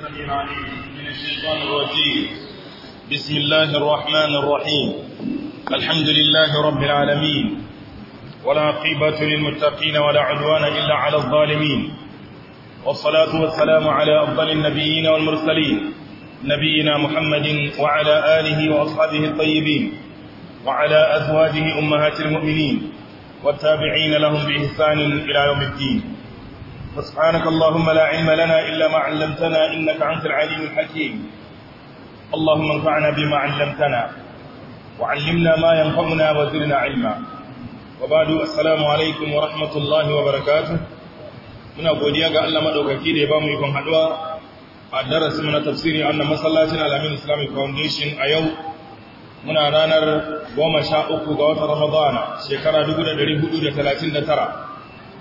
من الشيطان الرجيم بسم الله الرحمن الرحيم الحمد لله رب العالمين ولا قيبة للمتقين ولا عدوان إلا على الظالمين والصلاة والسلام على أفضل النبيين والمرسلين نبينا محمد وعلى آله وأصحابه الطيبين وعلى أزواجه أمهات المؤمنين والتابعين لهم بإحسان إلى يوم الدين فسبحانك اللهم لا علم لنا إلا ما علمتنا إنك أنت العليم الحكيم اللهم انفعنا بما علمتنا وعلمنا ما ينفعنا وزرنا علما وبعد السلام عليكم ورحمة الله وبركاته muna godiya ga Allah madaukaki da ya bamu ikon haduwa a darasin na tafsiri annan masallacin Al-Amin Islamic a yau muna ranar 13 ga watan Ramadana shekara 1439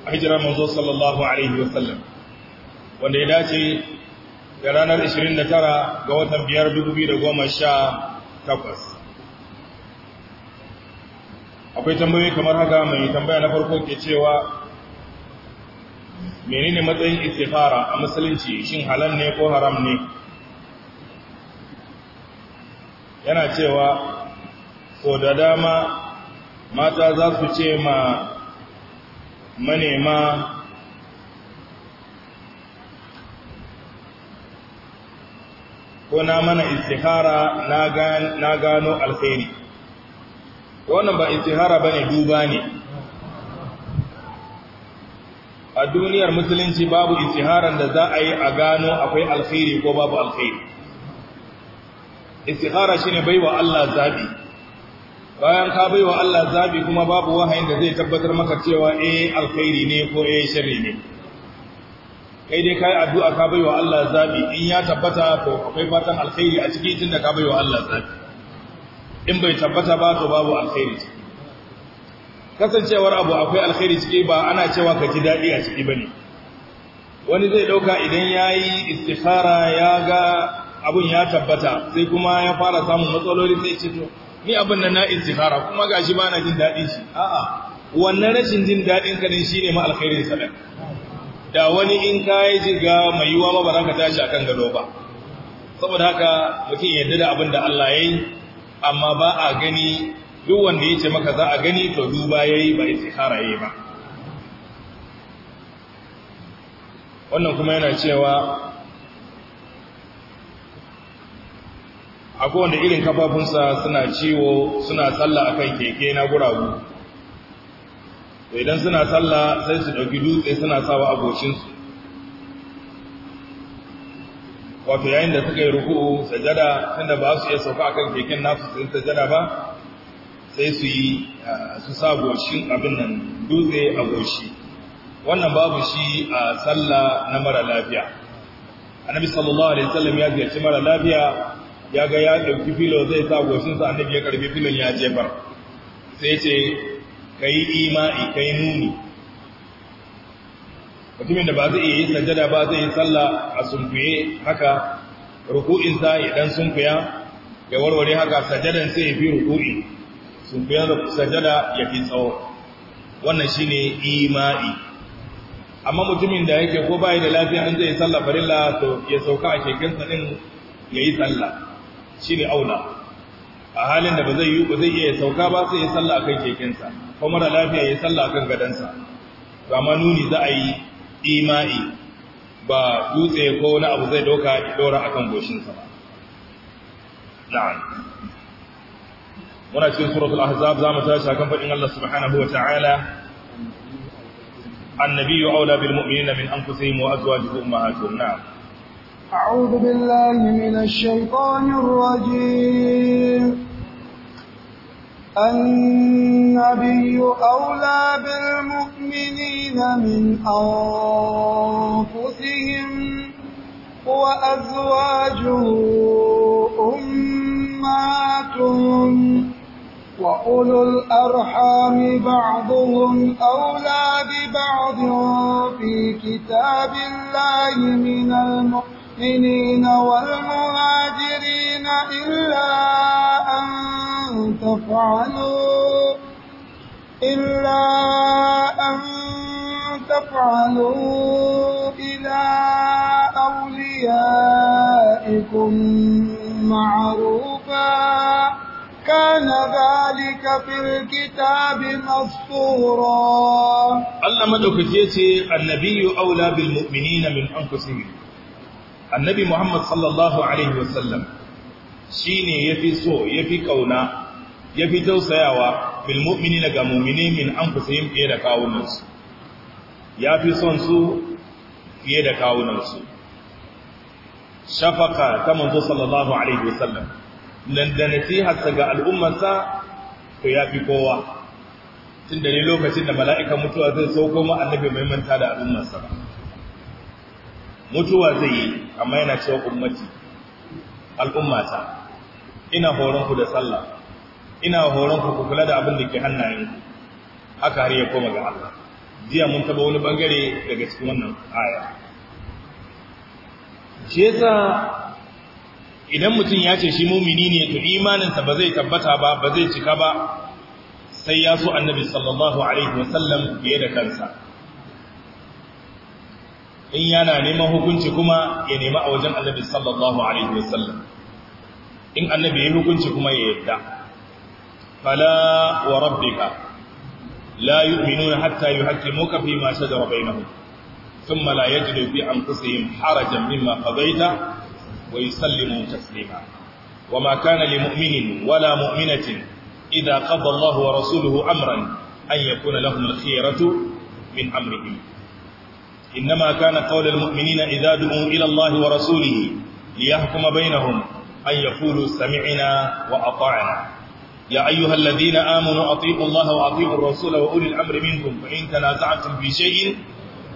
a hijirar manzo sallallahu alaihi wasallam wanda ya dace da ranar 29 ga watan 5 2018 akwai tambayoyi kamar haka mai tambaya na farko ke cewa menene matsayin istifara a musulunci shin halal ne ko haram ne yana cewa ko da dama mata za su ce ma manema ko na mana istihara na gano alkhairi wannan ba istihara ba ne duba ne a duniyar musulunci babu istiharar da za a yi a gano akwai alkhairi ko babu alkhairi istihara shine baiwa Allah zabi bayan ka bai wa Allah zabi kuma babu wahayin da zai tabbatar maka cewa eh alkhairi ne ko eh sharri ne kai dai kai addu'a ka bai wa Allah zabi in ya tabbata to akwai fatan alkhairi a cikin tunda ka bai wa Allah zabi in bai tabbata ba to babu alkhairi kasancewar abu akwai alkhairi ciki ba ana cewa ka ji dadi a ciki bane wani zai dauka idan yayi istikhara ya ga abun ya tabbata sai kuma ya fara samun matsaloli sai ce to ni abin nan na intihara kuma gashi ba na jin daɗin shi a'a wannan rashin jin daɗin ka din shine ma alkhairin sa da wani in ka yi jiga mai yiwa ma ba ka tashi akan gado ba saboda haka mutum yarda da abin da Allah ya yi amma ba a gani duk wanda ce maka za a gani to duba yayi ba ya yayi ba wannan kuma yana cewa Akwai wanda irin kafafunsa suna ciwo suna tsalla kan keke na guragu idan suna tsalla sai su ɗauki dutse suna sawa abocinsu wato yayin da suka yi ruku'u sajada tunda ba su iya sauka a kan keken nasu sun sajada ba sai su yi ah, su sa goshin abin nan dutse a goshi wannan babu shi a sallah na mara lafiya annabi sallallahu alaihi wasallam ya ziyarci mara lafiya ya ga ya ɗauki filo zai sa goshinsa annabi ya karbi filon ya jefar sai ce ka yi imani ka yi nuni mutumin da ba zai yi sajada ba zai yi sallah a sunkuye haka ruku'insa ya idan sunkuya ya warware haka sajadan sai ya fi ruku'i da sajada ya fi tsawo wannan shine imani amma mutumin da yake ko bai da lafiya an zai sallah farilla to ya sauka a kekensa din yayi sallah ne auna, a halin da ba zai yi ba zai iya sauka ba sai ya salla akan kekensa ko mara lafiya ya salla akan gadansa to amma nuni za a yi imai ba dutse ko wani abu zai doka ya dora akan goshinsa ba na'an muna cikin suratul ahzab za mu tashi akan fadin Allah subhanahu wa ta'ala bil mu'minina min anfusihim wa azwajihim أمهاتهم نعم أعوذ بالله من الشيطان الرجيم النبي أولى بالمؤمنين من أنفسهم وأزواجه أماتهم وأولو الأرحام بعضهم أولى ببعض في كتاب الله من المؤمنين المؤمنين والمهاجرين إلا أن تفعلوا إلا أن تفعلوا إلى أوليائكم معروفا كان ذلك في الكتاب مسطورا علمت مدوكتي النبي أولى بالمؤمنين من أنفسهم annabi Muhammad sallallahu alaihi wasallam shine yafi so yafi kauna yafi tausayawa bil mu'minina ga mu'mini min anfusihim fiye da kawunansu yafi son su fiye da kawunansu shafaka ta manzo sallallahu alaihi wasallam nan da nasiharsa ga al'ummarsa to yafi kowa tun da ne lokacin da mala'ikan mutuwa zai sauko ma annabi mai manta da al'ummarsa ba mutuwa zai yi amma yana cewa ummati al'ummata ina horon ku da sallah ina horon ku kula da abin da ke ku haka har ya koma ga Allah jiya mun taba wani bangare daga cikin wannan aya jeza idan mutum ya ce shi mumini ne to imaninsa ba zai tabbata ba ba zai cika ba sai ya so annabi sallallahu alaihi wasallam fiye da kansa in yana neman hukunci kuma ya nema a wajen annabi sallallahu alaihi wasallam in annabi ya hukunci kuma ya yadda fala wa rabbika la yu'minuna hatta yuhaqqimuka fi ma shajara bainahum thumma la yajidu fi anfusihim harajan mimma qadaita wa yusallimu taslima وما كان لمؤمن ولا مؤمنة إذا قضى الله ورسوله أمرا أن يكون لهم الخيرة من أمرهم إنما كان قول المؤمنين إذا دعوا إلى الله ورسوله ليحكم بينهم أن يقولوا سمعنا وأطعنا يا أيها الذين آمنوا أطيعوا الله وأطيعوا الرسول وأولي الأمر منكم فإن تنازعتم في شيء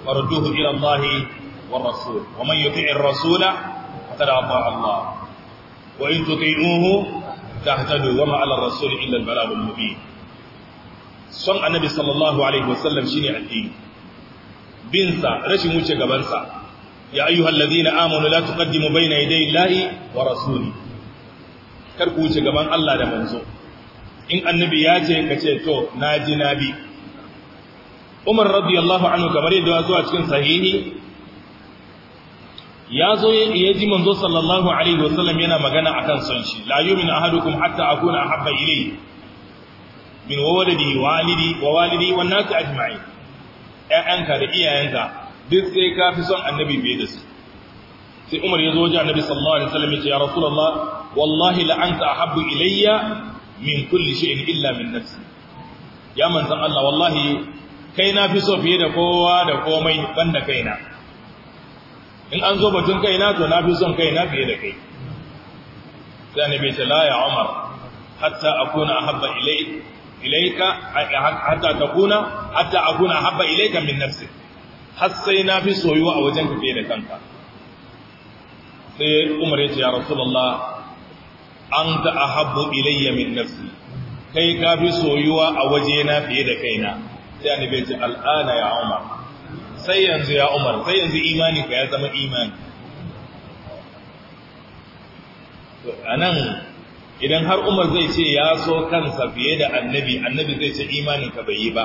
فردوه إلى الله والرسول ومن يطيع الرسول فقد أطاع الله وإن تطيعوه تهتدوا وما على الرسول إلا البلاغ المبين صلى النبي صلى الله عليه وسلم شنيع الدين binsa rashin wuce gabansa ya ayyuhal ladina amanu la tuqaddimu bayna yaday llahi wa rasuli kar ku wuce gaban Allah da manzo in annabi ya ce ka ce to naji nabi Umar radiyallahu anhu kamar yadda zuwa cikin sahihi ya zo ya ji manzo sallallahu alaihi wasallam yana magana akan son shi la yu'minu ahadukum hatta akuna ahabba ilayhi min walidi walidi wa walidi wan nas ajma'in ƴaƴanka da iyayenka duk sai ka fi son annabi biye da su sai Umar ya zo wajen annabi sallallahu alaihi wasallam ya ce ya rasulullah wallahi la anta ahabbu ilayya min kulli shay'in illa min nafsi ya manzon Allah wallahi kai na fi so fiye da kowa da komai banda kaina in an zo batun kaina to na fi son kaina fiye da kai sai annabi ya ce la ya Umar hatta akuna ahabba ilayka ilaika hatta takuna hatta habba ilaika min nafsi har sai na fi soyuwa a wajen ka fiye da kanka sai umar ya ce ya rasulullah anta ahabbu ilayya min nafsi kai ka fi soyuwa a waje fiye da kaina sai annabi ya ya umar sai yanzu ya umar sai yanzu imani ya zama imani anan idan har umar zai ce ya so kansa fiye da annabi annabi zai ce imanin ka bai yi ba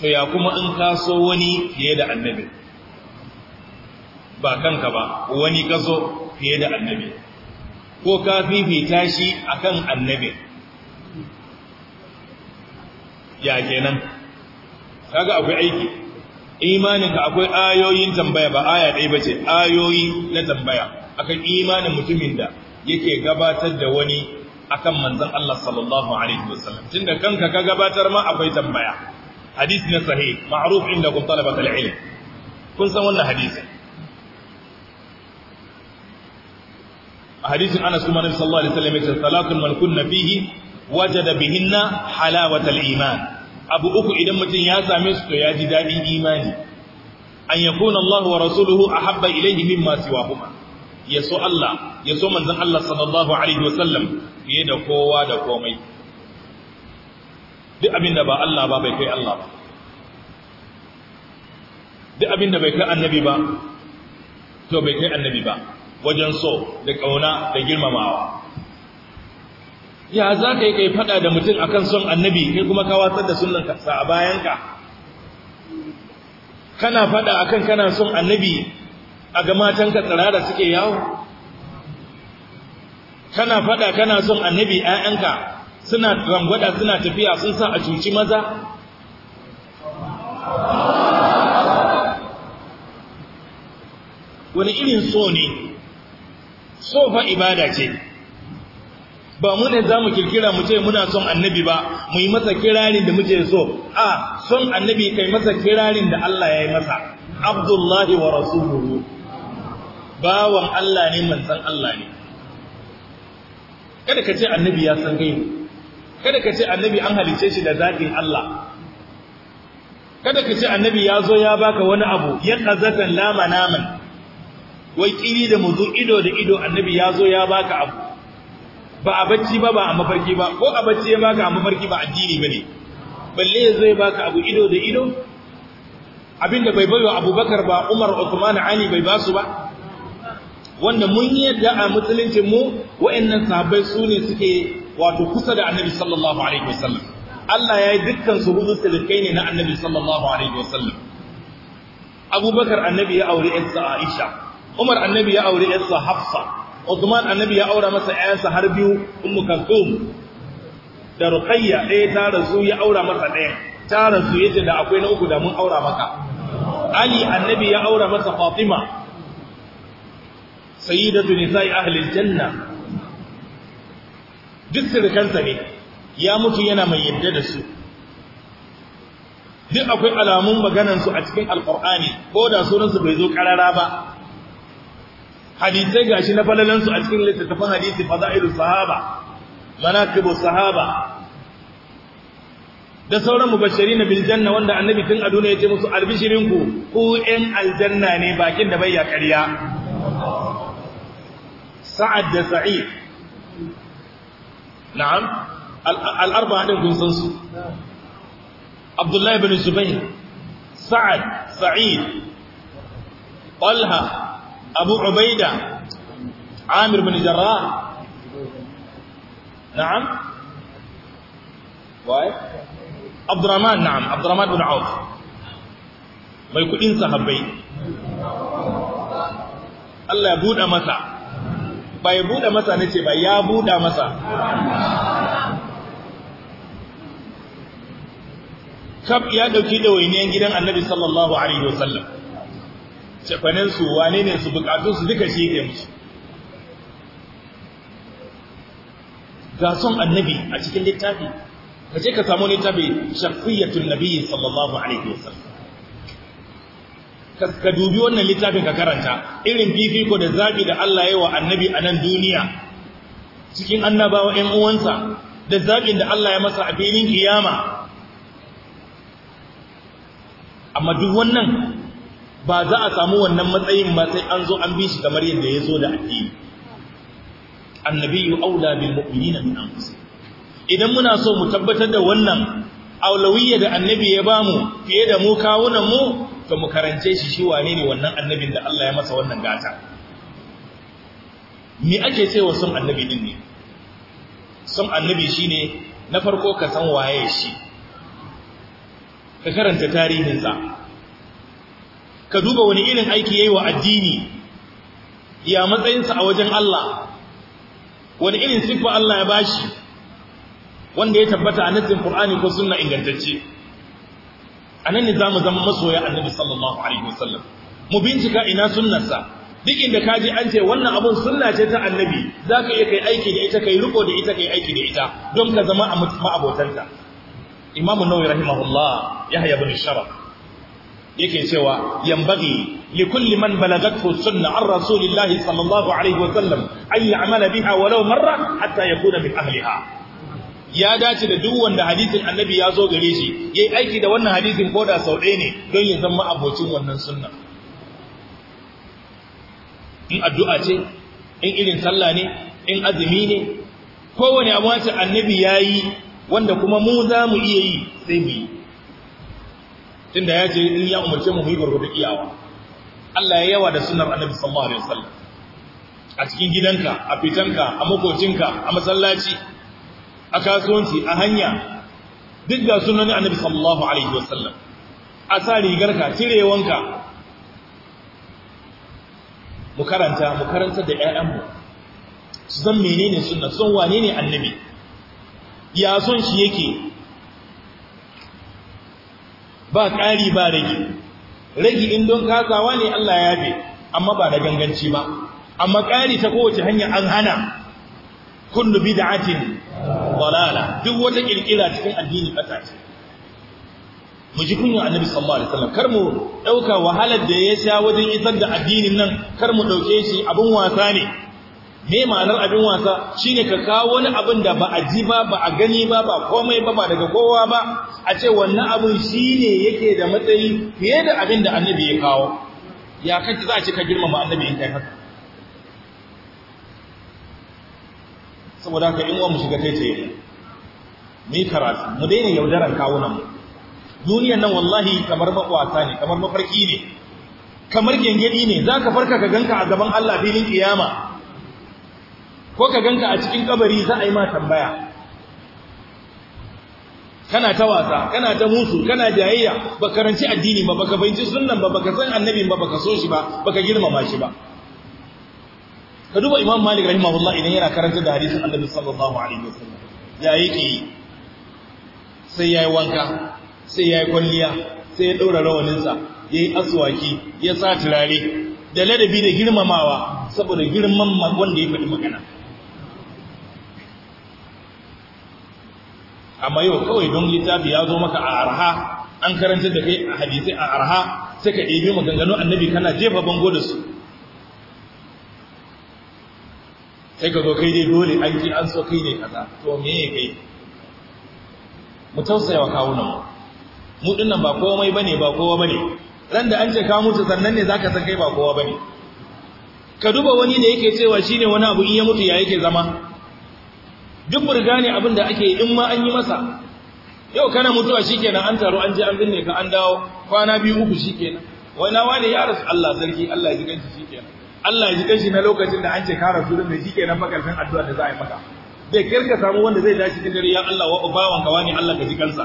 to ya kuma in ka so wani fiye da annabi ba kanka ba wani ka so fiye da annabi ko ka fifita shi akan annabi ya kenan kaga akwai aiki imanin ka akwai ayoyin tambaya ba aya ɗaya ce, ayoyi na tambaya akan imanin mutumin da yake gabatar da wani akan manzon Allah sallallahu alaihi wasallam tunda kanka ka gabatar ma akwai tambaya hadisi na sahih ma'ruf indakum talabat al-ilm kun san wannan hadisi a hadisin Anas kuma Nabi sallallahu alaihi wasallam yace salatun man kunna fihi wajada bihinna halawatal iman abu uku idan mutum ya same su to ya ji dadin imani an yakuna Allah wa rasuluhu ahabba ilayhi mimma siwahuma ya so Allah ya so manzon Allah sallallahu alaihi wasallam fiye da kowa da komai duk abin da ba Allah ba bai kai Allah ba duk abin da bai kai annabi ba to bai kai annabi ba wajen so da kauna da girmamawa ya za ka yi kai fada da mutum akan son annabi kai kuma ka watsar da sunan sa a bayanka kana fada akan kana son annabi a ga matanka da suke yawo kana fada kana son annabi ƴaƴanka suna rangwada suna tafiya sun sa a cuci maza wani irin so ne so fa ibada ce ba mu ne za mu kirkira mu ce muna son annabi ba mu yi masa kirarin da muke so a son annabi kai masa kirarin da Allah ya yi masa abdullahi wa rasuluhu bawan Allah ne manzan Allah ne kada ka ce annabi ya san gaibu kada ka ce annabi an halice shi da zaɓin Allah kada ka ce annabi ya zo ya baka wani abu ya kazatan lama naman wai kiri da muzu ido da ido annabi ya zo ya baka abu ba a bacci ba ba a mafarki ba ko a bacci ya baka a mafarki ba addini bane balle ya zo ya baka abu ido da ido abinda bai baiwa abubakar ba umar usman ali bai basu ba wanda mun yi yadda a musulunci mu wa'annan sahabbai su ne suke wato kusa da annabi sallallahu alaihi wasallam Allah ya yi dukkan su hudu sirkai ne na annabi sallallahu alaihi wasallam abubakar annabi ya aure yarsa aisha umar annabi ya aure yarsa hafsa Uthman annabi ya aura masa 'ya'yansa har biyu ummu kalthum da ruqayya ɗaya ta rasu ya aura masa ɗaya ta rasu yace da akwai na uku da mun aura maka ali annabi ya aura masa fatima sayyidatu nisa'i ahli janna duk sirkansa ne ya mutu yana mai yadda da su duk akwai alamun maganansu a cikin alkur'ani ko da sunansu bai zo karara ba hadisai gashi na falalansu a cikin littattafan hadisi fada'ilu sahaba manaqibu sahaba da sauran mubashirin bil janna wanda annabi tun a duniya ya ce musu albishirinku ku 'yan aljanna ne bakin da bai ya ƙarya sa'ad da sa'id na'am al'arba ɗin kun san abdullahi bin zubair sa'ad sa'id talha abu ubaida amir bin jarrah na'am waye abdurrahman na'am abdurrahman bin auf mai kudin sahabbai Allah ya buɗe masa bai buɗe masa na ce ba ya buɗe masa kaf ya ɗauki ɗawainiyar gidan annabi sallallahu alaihi wasallam cefaninsu wane ne su su duka shi ke musu ga son annabi a cikin littafi ka ce ka samu littafi shafiyatul nabi sallallahu alaihi wasallam ka dubi wannan littafin ka karanta irin fifiko da zabi da Allah ya yi wa annabi a nan duniya cikin annabawa ƴan uwansa da zabin da Allah ya masa a filin kiyama amma duk wannan ba za a samu wannan matsayin ba sai an zo an bi shi kamar yadda ya zo da addini yi aula bil na min musu. idan muna so mu tabbatar da wannan aulawiyya da annabi ya bamu fiye da mu kawunan mu to mu karance shi shi wane ne wannan annabin da Allah ya masa wannan gata me ake cewa son annabi din ne son annabi shine na farko ka san waye shi ka karanta tarihinsa ka duba wani irin aiki yayi wa addini ya matsayinsa a wajen Allah wani irin siffa Allah ya bashi wanda ya tabbata a nassin Qur'ani ko sunna ingantacce anan ne zamu zama masoya annabi sallallahu alaihi wasallam mu bincika ina sunnarsa duk inda ka je an ce wannan abun sunna ce ta annabi zaka iya kai aiki da ita kai riko da ita kai aiki da ita don ka zama a ma'abotanta imamu nawawi rahimahullah yahya ibn sharaf yake cewa yambagi kulli man balagathu sunna an rasulillahi sallallahu alaihi wasallam an ya'mala biha walau marra hatta yakuna min ahliha ya dace da duk wanda hadisin annabi ya zo gare shi yayi aiki da wannan hadisin ko da sau ɗaya ne don ya zama abocin wannan sunna in addu'a ce in irin sallah ne in azumi ne kowane abu wacce annabi ya yi wanda kuma mu za mu iya yi sai mu yi tunda ya ce in ya umarce mu mu yi gwargwado iyawa Allah ya yawa da sunnar annabi sallallahu alaihi wasallam a cikin gidanka a fitanka a makocinka a masallaci a kasuwanci a hanya duk da sunan annabi sallallahu alaihi wasallam a sa rigarka cire wanka mu karanta mu karanta da ƴaƴanmu su san menene sunna san wane ne annabi ya son shi yake ba ƙari ba rage rage in don kasawa ne Allah ya yabe amma ba da ganganci ba amma ƙari ta kowace hanya an hana kullu bid'atin dalala duk wata kirkira cikin addini bata ce mu ji kunya annabi sallallahu alaihi wasallam kar mu dauka wahalar da ya sha wajen isar da addinin nan kar mu dauke shi abin wasa ne me ma'anar abin wasa shine ka kawo wani abin da ba a ji ba ba a gani ba ba komai ba ba daga kowa ba a ce wannan abin shine yake da matsayi fiye da abin da annabi ya kawo ya kace za a ce ka girmama annabi in kai haka saboda haka in mu shiga kai tsaye ni karatu mu daina yaudaran kawunan mu duniyan nan wallahi kamar makwata ne kamar mafarki ne kamar gengedi ne zaka farka ka ganka a gaban Allah filin kiyama ko ka ganka a cikin kabari za a yi ma tambaya kana ta wasa kana ta musu kana jayayya ba karanci addini ba baka bayyana sunnan ba baka san annabi ba baka so shi ba baka girmama shi ba ka duba imam malik rahimahullah idan yana karanta da hadisin annabi sallallahu alaihi wasallam ya yi ki sai yayi wanka sai yayi kwalliya sai ya daura rawanin sa yayi aswaki ya sa turare da ladabi da girmamawa saboda girman wanda ya faɗi magana amma yau kawai don littafi ya zo maka a arha an karanta da kai a hadisi a arha sai ka ɗebi maganganu annabi kana jefa bango da su sai ka zo kai dai dole an ji an so kai ne kaza to me ya kai mu tausaya wa kawunan mu mu dinnan ba komai bane ba kowa bane ran da an ce ka mutu sannan ne zaka san kai ba kowa bane ka duba wani da yake cewa shine wani abu in ya mutu ya yake zama duk burga ne abin da ake in ma an yi masa yau kana mutuwa shikenan an taro an je an binne ka an dawo kwana biyu uku shikenan wai na wani ya rasu Allah sarki Allah ya ji ganci shikenan Allah ya ji kashi na lokacin da an ce kara su da shi nan makarfin addu'a da za a yi maka bai kirka samu wanda zai dace cikin dare ya Allah wa ubawan ka wani Allah ka ji kansa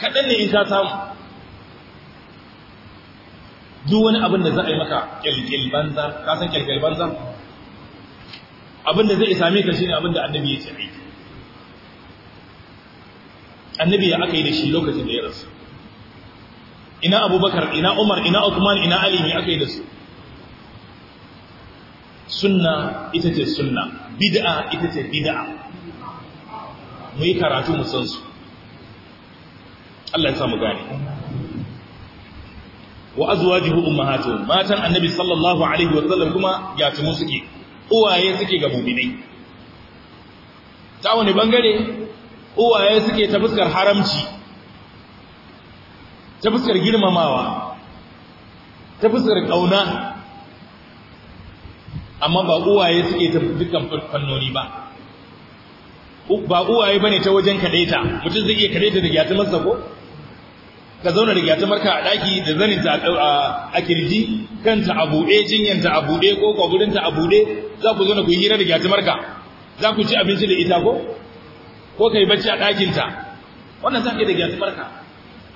kadan ne in ka samu duk wani abin da za a yi maka kyalkyal banza ka san kyalkyal banza abin da zai same ka ne abin da annabi ya ce ai annabi ya aka yi da shi lokacin da ya rasu ina abubakar ina umar ina uthman ina ali ne aka yi da su sunna ita ce sunna bid'a ita ce bid'a mu yi karatu mu san su Allah ya sa mu gane wa azwajuhu ummahatu matan annabi sallallahu alaihi wa sallam kuma ya yatimu suke uwaye suke ga mu'minai ta wani bangare uwaye suke ta fuskar haramci ta fuskar girmamawa ta fuskar kauna amma ba uwaye suke ta dukkan fannoni ba ba uwaye bane ta wajen kadaita mutum zai iya kadaita da gyatumarsa ko ka zauna da gyatumarka a daki da zaninta a kirji kanta a buɗe jinyanta a buɗe ko ta a buɗe za ku zauna ku yi hira da gyatumarka za ku ci abinci da ita ko ko kai bacci a ɗakinta wannan za ka yi da gyatumarka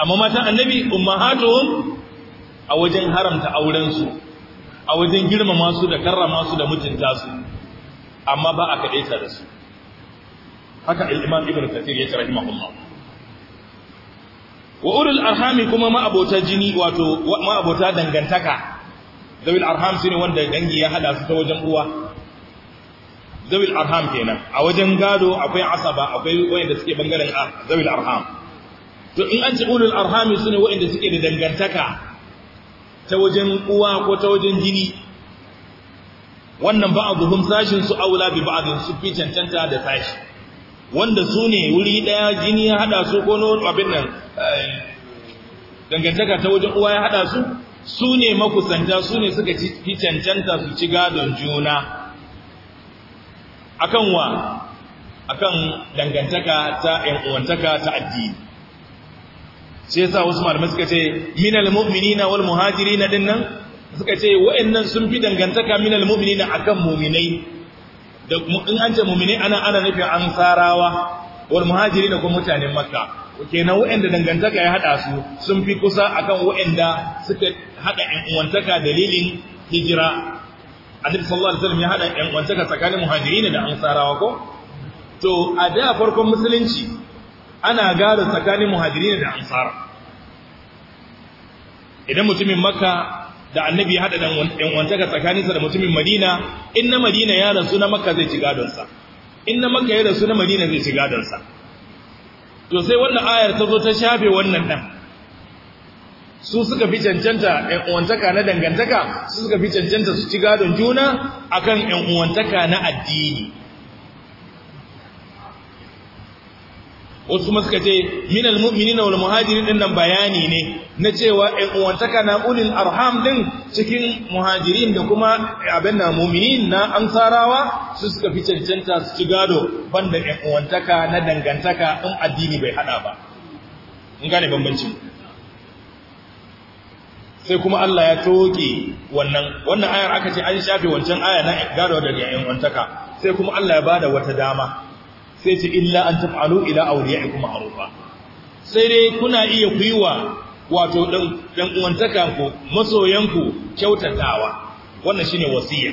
amma matan annabi ummahatuhum a wajen haramta aurensu a wajen girmama su da karrama su da mutunta su amma ba a kadaita da su haka al-imam ibnu kathir ya rahimahullah wa ulul arhami kuma ma abota jini wato ma abota dangantaka zawil arham shine wanda dangi ya hada su ta wajen uwa zawil arham kenan a wajen gado akwai asaba akwai wanda suke bangaren a, zawil arham to in an ce ulul arhami shine wanda suke da dangantaka ta wajen uwa ko ta wajen jini wannan ba'dhum sashin su aula bi ba'dhin su fi cancanta da sashi wanda su ne wuri daya jini ya hada su ko no abin nan eh, dangantaka ta wajen uwa ya hada su su ne makusanta su ne suka fi cancanta su ci gadon juna akan wa akan dangantaka ta 'yan uwantaka ta addini shi sa wasu malamai suka ce minal mu'minina wal muhajirina dinnan suka ce wa'annan sun fi dangantaka minal mu'minina akan mu'minai da in an ce mu'minai ana ana nufin ansarawa wal muhajirina ko mutanen makka kenan wa'anda dangantaka ya hada su sun fi kusa akan wa'anda suka hada ƴan uwantaka dalilin hijira annabi sallallahu alaihi wasallam ya hada ƴan uwantaka tsakanin muhajirina da ansarawa ko to a da farkon musulunci ana gado tsakanin muhajiri da ansar idan mutumin makka da annabi ya hada dan wantaka tsakaninsa da mutumin madina in na madina ya rasu na makka zai ci gadonsa in na makka ya rasu na madina zai ci gadonsa to sai wannan ayar ta zo ta shafe wannan dan su suka fi cancanta ɗan uwantaka na dangantaka su suka fi cancanta su ci gadon juna akan ɗan uwantaka na addini wasu kuma suka ce minal mu'minina wal muhajirin din nan bayani ne na cewa in uwantaka na ulil arham din cikin muhajirin da kuma abin na mu'minin na ansarawa su suka fi cancanta su ci gado banda in uwantaka na dangantaka in addini bai hada ba in gane bambancin sai kuma Allah ya toke wannan wannan ayar aka ce an shafe wancan aya na gado daga in uwantaka sai kuma Allah ya bada wata dama sai ce illa an taf'alu ila kuma arufa sai dai kuna iya kuiwa wato dan uwantaka ku masoyanku kyautatawa wannan shine wasiya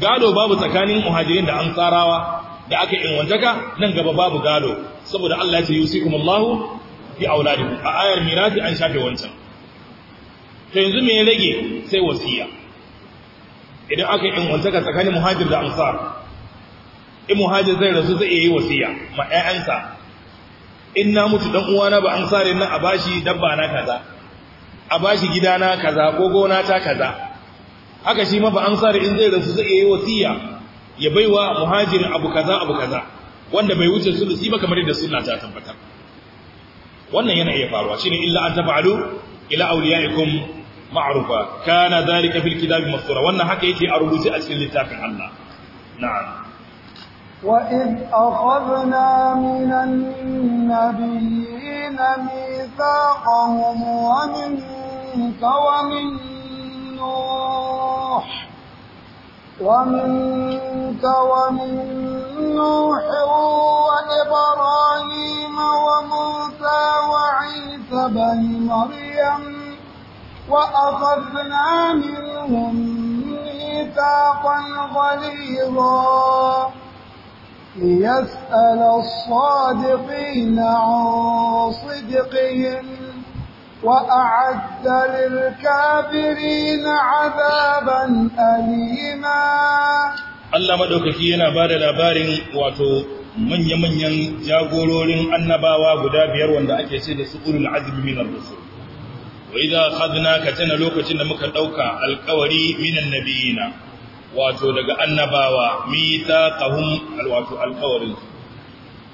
gado babu tsakanin muhajirin da ansarawa da aka wantaka, nan gaba babu gado saboda Allah ya ce yusikumullahu fi auladikum a ayar mirasi an shafe wancan to yanzu me ya rage sai wasiya idan aka inwantaka tsakanin muhajir da ansar in muhajir zai rasu zai yi wasiya ma ƴaƴansa in na mutu dan uwana ba an sare na a bashi dabba na kaza a bashi gida na kaza ko gona ta kaza haka shi ma ba an sare in zai rasu zai yi wasiya ya bai baiwa muhajirin abu kaza abu kaza wanda bai wuce su ba kamar yadda suna ta tabbatar wannan yana iya faruwa shine illa an tafa'alu ila awliyaikum ma'arufa kana dhalika fil kitabi mastura wannan haka yake a rubuce a cikin littafin Allah na'am وإذ أخذنا من النبيين ميثاقهم ومنك ومن نوح ومنك ومن نوح وإبراهيم وموسى وعيسى بن مريم وأخذنا منهم ميثاقا غليظا ليسأل الصادقين عن صدقهم وأعد للكافرين عذابا أليما Allah madaukaki yana ba da labarin wato manya-manyan jagororin annabawa guda biyar wanda ake ce da su ulul azmi min ar-rusul wa idza akhadna ka tana lokacin da muka dauka alqawari minan nabiyina wato daga annabawa mitaqahum alwato alqawrin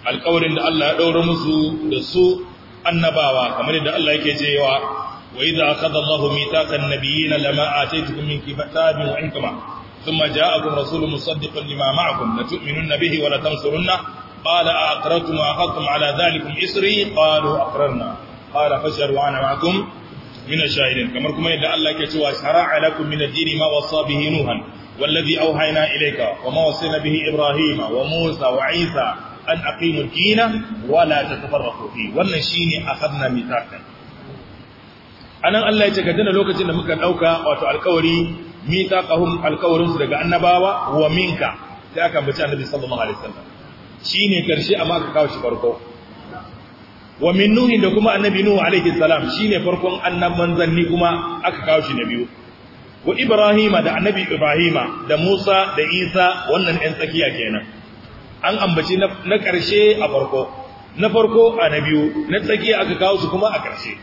alqawrin da Allah ya daura musu da su annabawa kamar da Allah yake cewa wa idza akhadha Allahu mitaqan nabiyina lama ataytukum min kitabin wa hikma thumma ja'akum rasulun lima ma'akum la tu'minunna bihi wa la tansurunna qala aqrartum wa ala dhalikum isri qalu aqrarna qala fashhadu ana ma'akum min ash kamar kuma yadda Allah ke cewa shara'a lakum min ad-dini ma wasa bihi nuhan wallazi awhayna ilayka wa ma wasayna bihi ibrahima wa musa wa isa an aqimu ad-dina wa la tatafarraqu fi wannan shine akhadna mithaqan anan Allah ya ce gadana lokacin da muka ɗauka wato alƙawari mithaqahum alƙawarin su daga annabawa wa minka sai aka ambaci karshe amma aka kawo shi farko wa min nuhin da kuma annabi nuhu alaihi salam shine farkon annan manzanni kuma aka kawo shi na biyu wa ibrahima da annabi ibrahima da musa da isa wannan ɗan tsakiya kenan an ambaci na ƙarshe a farko na farko a na biyu na tsakiya aka kawo su kuma a ƙarshe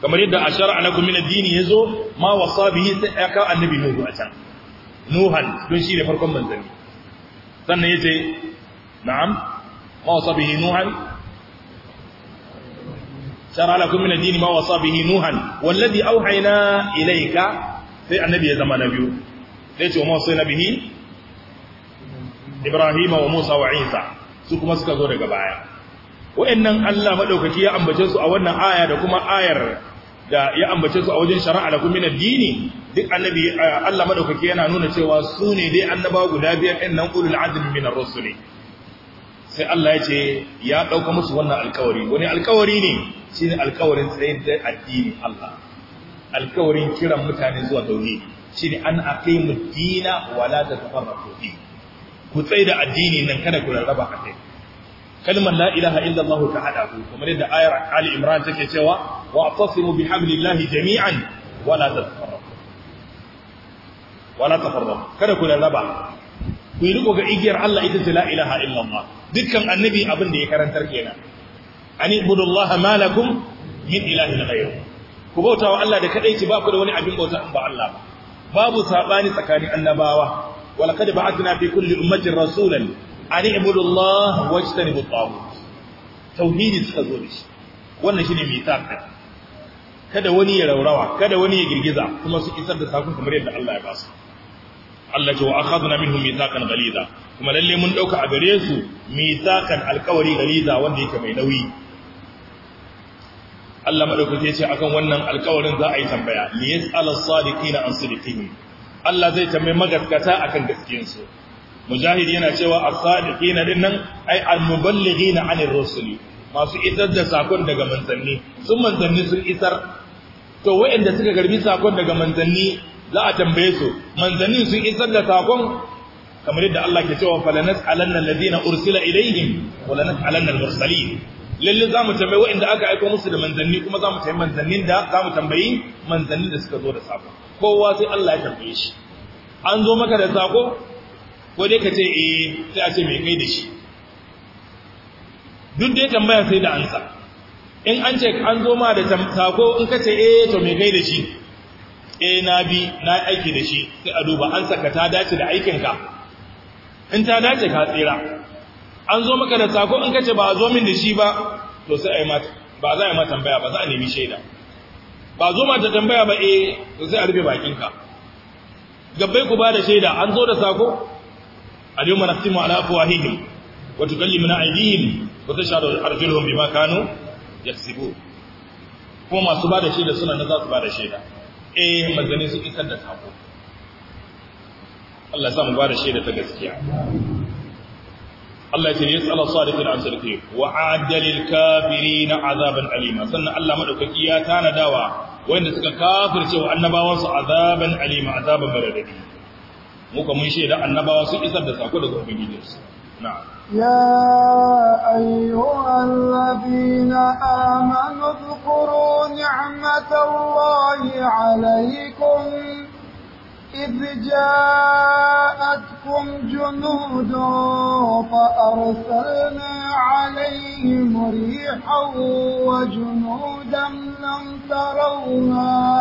kamar yadda a shara'a na kuma addini ya zo ma wasa bihi sai ya kawo annabi nuhu a can nuhan don shi ne farkon manzanni sannan ya ce na'am ma wasa bihi nuhan shara lakum min ad-din ma wasa bihi nuhan wallazi auhayna ilayka sai annabi ya zama na biyu sai ce wa musa nabihi ibrahim wa musa wa isa su kuma suka zo daga baya wa'annan Allah madaukaki ya a wannan aya da kuma ayar ya ambace su a wajen shari'a da kuma ad duk annabi Allah madaukaki yana nuna cewa su ne dai annaba guda biyar ɗin nan ulul azmi min ar-rusuli sai Allah ya ce ya dauka musu wannan alƙawari wani alƙawari ne shi ne alkawarin tsayin da addini Allah alkawarin kiran mutane zuwa tauhidi shi ne an mu dina wala da tatafarraqu fi ku tsayi da addini nan kada ku rarraba a kai kalmar la ilaha illallah ta hada ku kamar yadda ayar Ali Imran take cewa wa atasimu bihablillahi jami'an wa la tatafarraqu wa la tatafarraqu kada ku rarraba ku yi riko ga igiyar Allah ita ce la ilaha illallah dukkan annabi abin da ya karantar kenan Ani ibudullaha malakum min ilahin ghayr ku bauta wa Allah da kadaici ba ku da wani abin bauta in ba Allah ba babu sabani tsakanin annabawa walaqad ba'athna fi kulli ummatin rasulan an ibudullaha wajtanibu at-taghut tauhidi suka zo da shi wannan shine mitaqa kada wani ya raurawa kada wani ya girgiza kuma su isar da sakon kamar yadda Allah ya ba su Allah ce wa akhadna minhum mithaqan ghaliza kuma lalle mun dauka a gare su mithaqan alqawari ghaliza wanda yake mai nauyi Allah madaukake ce akan wannan alƙawarin za a yi tambaya li yas'al as-sadiqina an sidqihim Allah zai tambaye magaskata akan gaskiyarsu mujahid yana cewa as-sadiqina dinnan ay al-muballighina anir rusuli masu isar da sakon daga manzanni sun manzanni sun isar to waɗanda suka garbi sakon daga manzanni za a tambaye su manzannin sun isar da sakon kamar yadda Allah ke cewa falanas alanna allazina ursila ilaihim walanas alanna al-mursalin lalle za mu tambayi waɗanda aka aiko musu da manzanni kuma za mu tambayi manzannin da za mu tambayi manzannin da suka zo da sako kowa sai Allah ya tambaye shi an zo maka da sako ko dai ka ce eh sai a ce me kai da shi duk dai tambaya sai da ansa in an ce an zo ma da sako in ka ce eh to me kai da shi eh na bi na aiki da shi sai a duba an saka ta dace da aikinka in ta dace ka tsira an zo maka da sako in kace ba a zo min da shi ba to sai ai mata ba za a yi mata tambaya ba za a nemi shaida ba zo mata tambaya ba eh to sai a rufe bakinka gabbai ku ba da shaida an zo da sako al-yawma nahtimu ala afwahihim wa tukallimuna aydihim wa tashhadu arjuluhum bima kanu yaksibun ko masu ba da shaida suna na za su ba da shaida eh manzanni su isar da sako Allah ya sa mu ba da shaida ta gaskiya Allah ya ce yas'ala sadiqin an sadiqi wa adalil kafirin azaban alima sannan Allah madaukaki ya tanadawa wanda suka kafirce wa annabawan su azaban alima azaban baradadi muka mun shaida annabawa sun isar da sako daga ubangijinsu na'am يا أيها الذين آمنوا اذكروا نعمة الله عليكم إذ جاءتكم جنود فأرسلنا عليهم ريحا وجنودا لم ترونا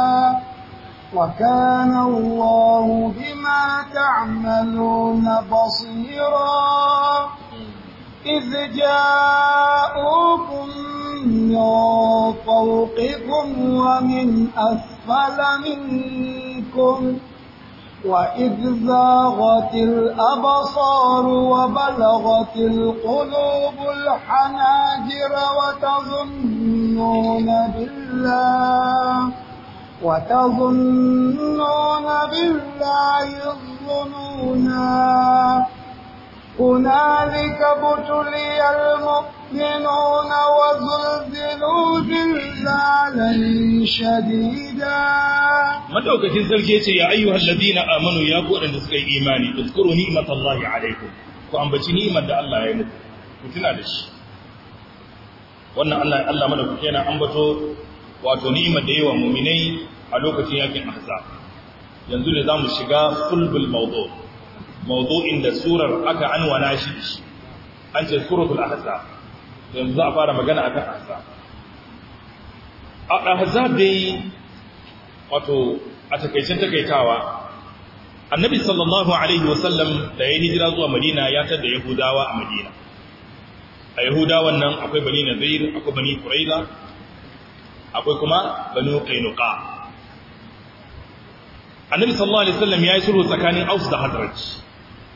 وكان الله بما تعملون بصيرا إذ جاءوكم من فوقكم ومن أسفل منكم وإذ زاغت الأبصار وبلغت القلوب الحناجر وتظنون بالله وتظنون بالله الظنونا هنالك ابتلي المؤمنون وزلزلوا زلزالا شديدا مدوكاkin sarki ce ya ayyuhal ladina amanu ya ku wadanda suka yi imani uzkuru ni'matallahi alaikum ku ambaci ni'imar da Allah ya yi muku ku tuna da shi wannan Allah Allah madaukake yana ambato wato ni'imar da yawa mu'minai a lokacin yakin ahzab yanzu ne mu shiga fulbil mawdu' mawdu'in da surar aka anwana shi an ce suratul ahzab yanzu za a fara magana akan ahzab ahzab dai wato a takaicin takaitawa annabi sallallahu alaihi wasallam da ya hijira zuwa madina ya tada yahudawa a madina a yahudawan nan akwai bani nazir akwai bani quraiza akwai kuma bani qainuqa annabi sallallahu alaihi wasallam ya yi sulhu tsakanin aus da hazraj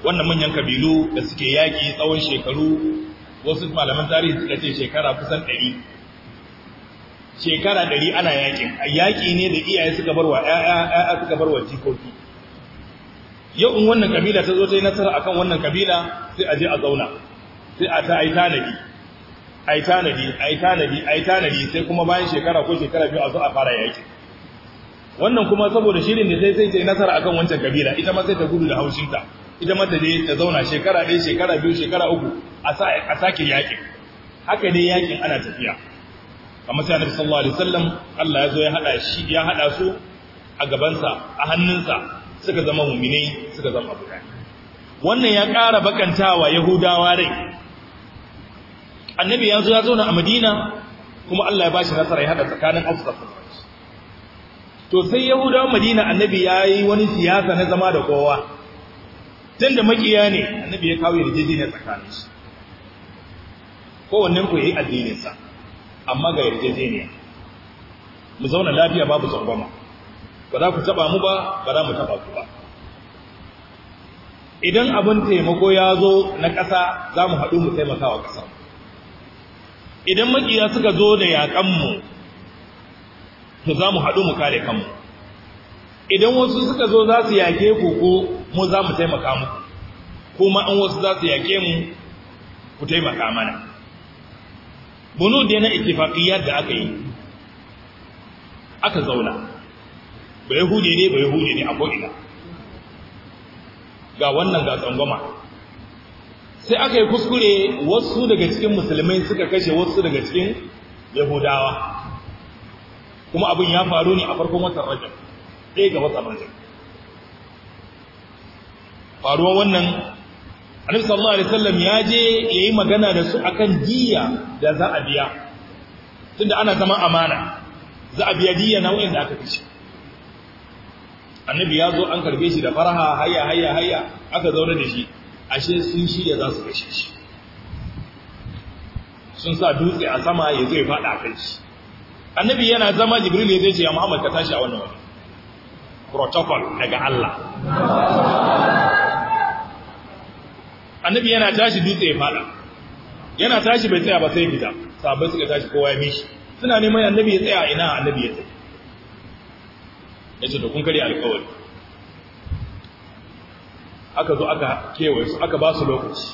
wannan manyan kabilu da suke yaƙi tsawon shekaru wasu malaman tarihi suka ce shekara kusan ɗari shekara ɗari ana yaƙin a yaƙi ne da iyaye suka bar wa ‘ya'ya suka bar wa jikoki yau in wannan kabila ta zo ta yi nasara akan wannan kabila sai a je a zauna sai a ta a yi tanadi a yi tanadi a yi tanadi a yi tanadi sai kuma bayan shekara ko shekara biyu a zo a fara yaƙi wannan kuma saboda shirin da sai sai ta yi nasara akan wancan kabila ita ma sai ta gudu da haushinta ita mata dai ta zauna shekara ɗaya shekara biyu shekara uku a sake yakin haka dai yakin ana tafiya a masana sallallahu alaihi sallam Allah ya zo ya haɗa shi ya haɗa su a gabansa a hannunsa suka zama mummine suka zama abu wannan ya ƙara bakantawa yahudawa rai annabi ya zo ya zauna a madina kuma Allah ya bashi nasara ya haɗa tsakanin afsar to sai yahudawa madina annabi ya yi wani siyasa na zama da kowa da makiya ne annabi ya kawo yarjejeniyar tsakanin su kowannen ku ya yi addininsa, amma ga yarjejeniya mu zauna lafiya babu tsangwama ba za ku taba mu ba ba za mu taba ku ba idan abin taimako ya zo na ƙasa za mu haɗu mu taimaka wa ƙasa idan makiya suka zo da yaƙanmu to za mu haɗu mu kare kanmu idan wasu suka zo za su yaƙe ku ko mu za mu taimaka muku kuma an wasu za su yake mu ku taimaka mana bunu da na ittifaqiyar da aka yi aka zauna bai hude ne bai hude ne a ko'ina ga wannan ga tsangwama sai aka yi kuskure wasu daga cikin musulmai suka kashe wasu daga cikin yahudawa kuma abin ya faru ne a farkon watan rajab ɗaya ga watan rajab faruwa wannan annabi sallallahu alaihi wasallam ya je yayi magana da su akan diya da za a biya tunda ana zama amana za a biya diya na wanda aka kace annabi ya zo an karbe shi da faraha hayya hayya hayya aka zauna da shi ashe sun shirya za su kashe shi sun sa dutse a sama ya zo ya fada kan shi annabi yana zama jibril ya zai ce ya muhammad ka tashi a wannan wani protocol daga Allah annabi yana tashi dutse ya fada yana tashi bai tsaya ba sai fita sahabbai suka tashi kowa ya mishi suna neman annabi ya tsaya ina annabi ya tsaya yace to kun kare alƙawari aka zo aka kewaye su aka ba su lokaci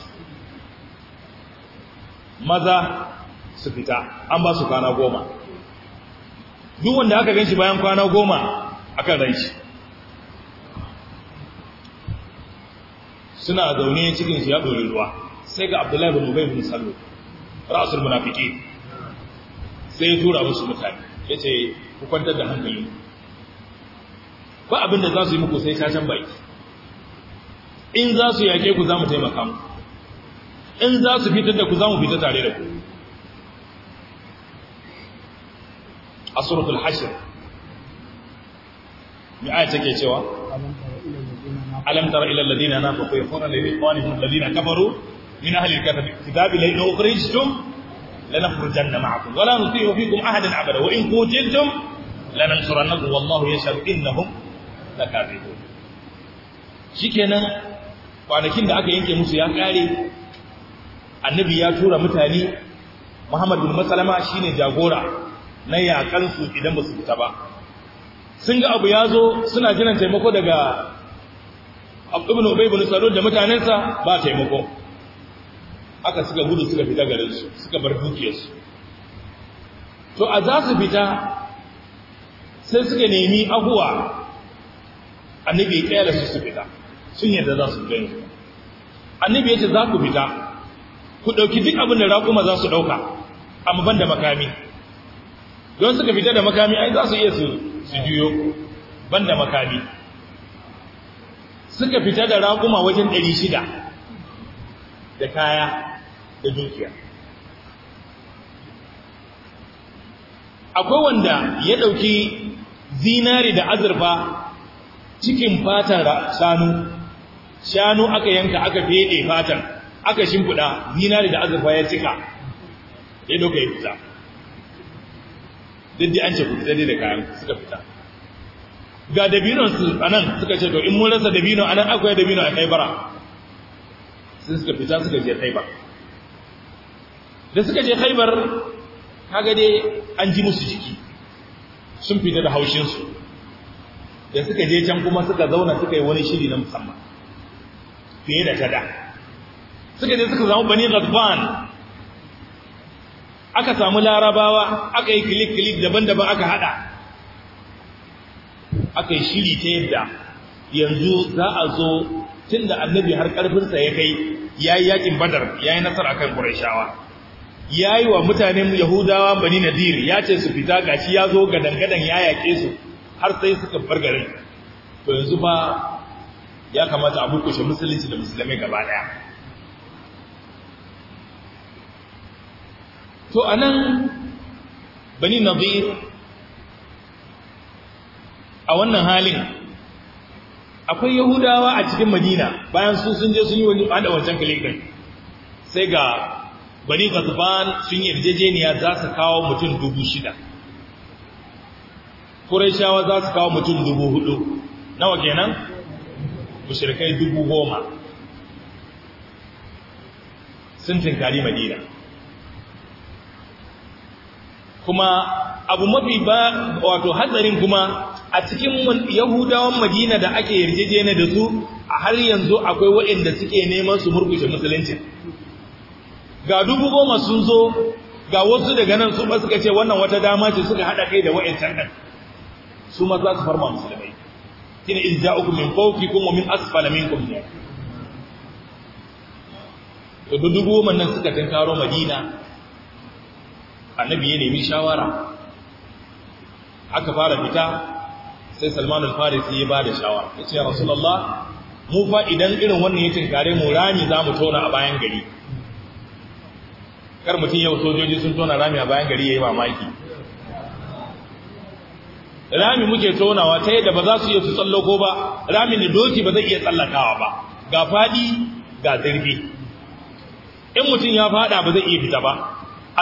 maza su fita an ba su kwana goma duk wanda aka ganshi bayan kwana goma akan ran shi suna zaune cikin su ya dori ruwa sai ga abdullahi bin ubay bin sallu ra'sul munafiki sai ya tura musu mutane yace ku kwantar da hankali ba abin da za su yi muku sai cacan baki in za su yake ku za mu taimaka mu in za su fitar da ku za mu fita tare da ku a suratul hashr mi aya ke cewa alam tara ila alladhina nafaqu yaquluna li ikhwanihim alladhina kafaru min ahli alkitab la in ukhrijtum lanakhrujanna ma'akum wa la nuti'u fikum ahadan abada wa in qutiltum lanansurannakum wallahu yashhadu innahum lakadibun shikenan kwanakin da aka yanke musu ya kare annabi ya tura mutane Muhammad bin Masalama shine jagora na yakan su idan ba su fita ba sun ga abu ya zo suna jiran taimako daga ibn bai ibn salul da mutanensa ba taimako aka suka gudu suka fita garin su suka bar dukiyar su to a za su fita sai suka nemi abuwa annabi ya kyara su su fita sun yadda za su fita yanzu annabi ya ce za ku fita ku ɗauki duk abin da raƙuma za su ɗauka amma ban da makami don suka fita da makami ai za su iya su juyo ban da makami suka fita da raguma wajen 600 da kaya da dukiya akwai wanda ya ɗauki zinari da azurfa cikin fatan shanu shanu aka yanka aka fede fatan aka shimfiɗa zinari da azurfa ya cika ya ɗauka ya fita duk an ce fita da kayan suka fita ga dabino su anan suka ce to in mun rasa dabino anan akwai dabino a kaibara sun suka fita suka je kaibar da suka je kaibar kaga dai an ji musu jiki sun fita da haushin su da suka je can kuma suka zauna suka yi wani shiri na musamman fiye da tada suka je suka zama Bani Ghazban aka samu larabawa aka yi kilik-kilik daban-daban aka hada aka yi shiri ta yadda yanzu za a zo tun da annabi har ƙarfinsa ya kai ya yi yaƙin badar ya yi nasar a kan ƙurashawa ya yi wa mutanen yahudawa bani nadir ya ce su fita gashi ya zo ga dangadan ya yaƙe su har sai suka bar garin to yanzu ba ya kamata a burkushe musulunci da musulmai gaba ɗaya to anan bani nadir a wannan halin akwai yahudawa a cikin madina bayan su sun je sun yi wani hada wancan kalikai sai ga bani gazban sun yi yarjejeniya za su kawo mutum dubu shida kurashawa za su kawo mutum dubu hudu nawa kenan mushrikai dubu goma sun tinkari madina kuma abu mafi ba wato hatsarin kuma a cikin yahudawan madina da ake yarjejene da su a har yanzu akwai waɗanda suke neman su murkushe musulunci ga dubu goma sun zo ga wasu daga nan su ba suka ce wannan wata dama ce suka haɗa kai da waɗancan nan su ma za su farma musulmai shine uku min fawqikum wa min asfala minkum to dubu goma nan suka tankaro madina annabi ya nemi shawara aka fara fita sai salman al-farisi ya bada shawara ya ce rasulullah mu fa idan irin wannan ya tinkare mu rami za mu tona a bayan gari kar mutum yau sojoji sun tona rami a bayan gari ya yi mamaki rami muke tonawa ta yadda ba za su iya su tsallako ba rami da doki ba zai iya tsallakawa ba ga faɗi ga zirbi in mutum ya faɗa ba zai iya fita ba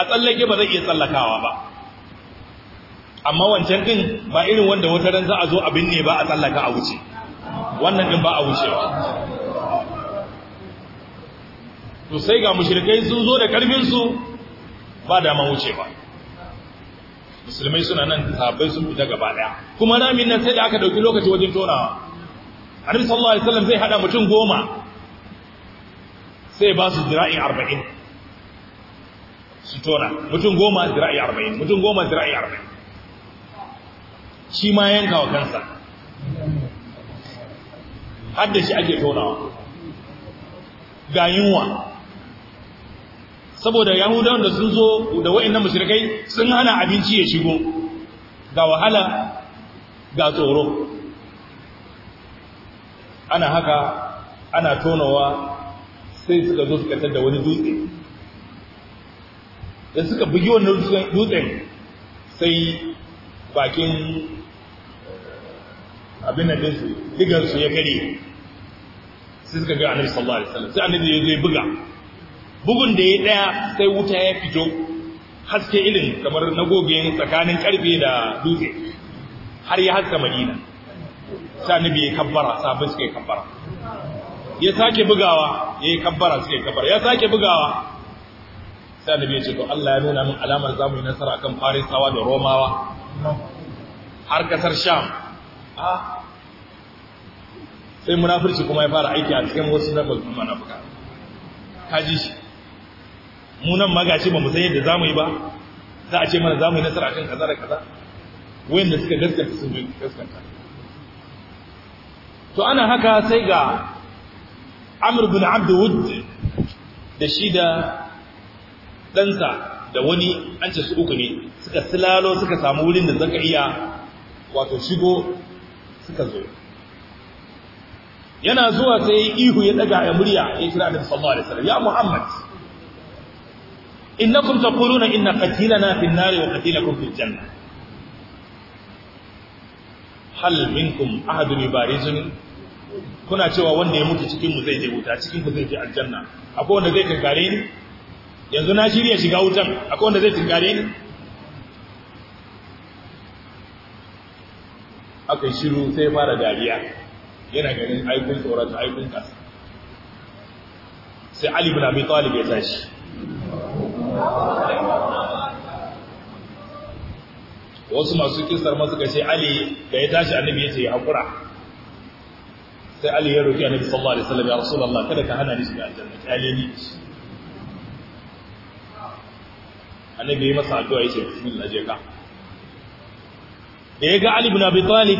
a tsallake ba zai iya tsallakawa ba amma wancan din ba irin wanda wata ran za a zo abin ne ba a tsallaka a wuce wannan din ba a ba to sai ga mushrikai sun zo da karfin su ba wuce ba. musulmai suna nan sahabbai sun fita gaba daya kuma ramin nan sai da aka dauki lokaci wajen tonawa annabi sallallahu alaihi wasallam zai hada mutum goma sai ba su zira'i 40 su tona mutum goma zira'i 40 mutum goma zira'i 40 shi ma yanka wa kansa har da shi ake tonawa ga yunwa saboda yahudawan da sun zo da wa'annan mushrikai sun hana abinci ya shigo ga wahala ga tsoro ana haka ana tonawa sai suka zo suka da wani dutse da suka bugi wannan dutsen sai bakin abin da su digar su ya kare sai suka ga annabi sallallahu alaihi wasallam sai annabi ya zo ya buga bugun da ya daya sai wuta ya fito haske irin kamar na gogen tsakanin karfe da dutse har ya haska madina sai annabi ya kabbara sabon suka yi kabbara ya sake bugawa ya yi kabbara suka yi kabbara ya sake bugawa sai annabi ya ce to Allah ya nuna min alamar zamu yi nasara akan farisawa da romawa har kasar sham Ah. sai munafurci kuma ya fara aiki a cikin wasu na munafuka kaji shi mu nan magashi ba mu san yadda mu yi ba za a ce mana za mu yi nasara kan kaza da kaza da suka gaskata sun gaskata to ana haka sai ga Amr bin Abd da shi da ɗansa da wani an ce su uku ne suka silalo suka samu wurin da zaka iya wato shigo suka zo yana zuwa sai ihu ya daga ya murya ya kira da sallallahu alaihi wasallam ya muhammad innakum taquluna inna qatilana fi nar wa qatilakum fil janna hal minkum ahadun yubarizun kuna cewa wanda ya mutu cikin mu zai je wuta cikin ku zai je aljanna akwai wanda zai tinkare ni yanzu na shirya shiga wutan akwai wanda zai tinkare ni aka shiru sai fara dariya yana ganin aikun tsoron aikun kasa sai Ali bin Abi Talib ya tashi wasu masu kisar masu kashe Ali da ya tashi annabi ya ce ya haƙura sai Ali ya roƙi annabi sallallahu alaihi wasallam ya rasulullah kada ka hana ni shiga aljanna kyale ni annabi ya masa addu'a ya ce bismillah je ka da ya ga alibu na Bitali,